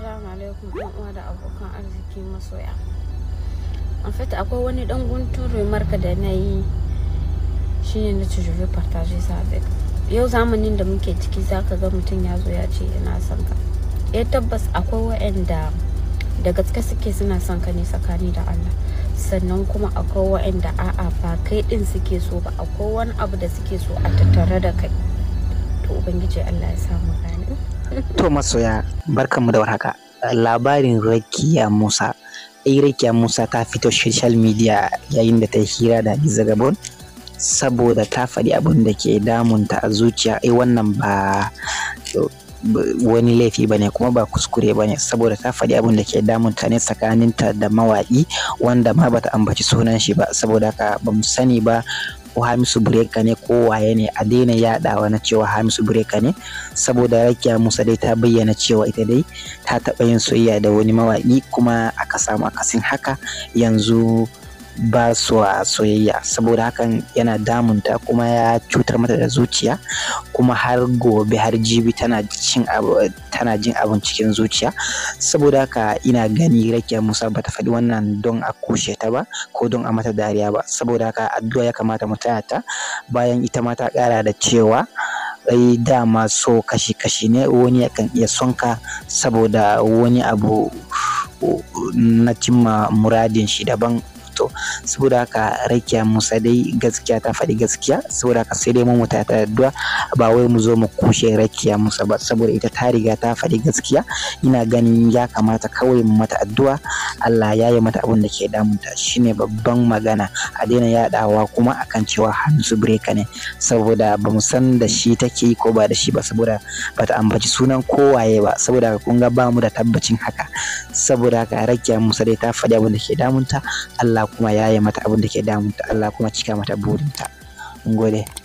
Assalamu alaikum yan uwa da abokan arziki masoya. En fait akwai wani ɗan guntun remarka da na yi shine na ci juve partage sa avec. Yau zamanin da muke ciki zaka ga mutum ya zo ya ce yana son ka. ya eh, tabbas akwai wa'anda da gaske suke suna son ka ne tsakani da Allah. Sannan kuma akwai wa'anda a'a ba kai ɗin suke so ba akwai wani abu da suke so a tattare da kai. To Ubangiji Allah ya samu gani. To masoya barkanmu da warhaka. Labarin Rakiya Musa. Ai eh, Rakiya Musa ta fito social media yayin da ta yi hira da Hadiza Gabon saboda ta faɗi abin da ke damunta a zuciya ai eh, wannan ba wani laifi bane kuma ba kuskure bane saboda ta faɗi abin da ke damunta ne tsakaninta da mawaƙi wanda ma bata ambaci sunan shi ba saboda ka ba mu sani ba ko hamisu bureka ne ko waye ne a daina yaɗawa na cewa hamisu bureka ne saboda rakiya musa dai ta bayyana cewa ita dai ta taɓa yin soyayya da wani mawaƙi kuma aka samu akasin haka yanzu ba su a soyayya saboda hakan yana damunta kuma ya cutar mata da zuciya kuma har gobe har jibi tana jin abin cikin zuciya saboda haka ina gani rakiya musa ba ta faɗi wannan don a kushe ta ba ko don a mata dariya ba saboda haka addu'a ya kamata mu taya ta bayan ita ma ta ƙara da cewa ai dama so kashi-kashi ne wani yakan iya sonka saboda wani abu na cimma muradin shi daban to saboda haka rakiya musa dai gaskiya ta faɗi gaskiya saboda haka sai dai mu mutata ta addu'a ba wai mu zo mu kushe rakiya musa ba saboda ita ta riga ta faɗi gaskiya ina ganin ya kamata kawai mu mata addu'a Allah ya yi mata abin da ke damunta shine babban magana a daina yadawa kuma akan cewa Hamisu Breka ne saboda ba mu san da shi take ko ba da shi ba saboda ba ta ambaci sunan kowaye ba saboda kun ga ba mu da tabbacin haka saboda haka rakiya musa dai ta faɗi abin da ke damunta Allah kuma yaye mata abin da ke damunta Allah kuma cika mata burinta mun gode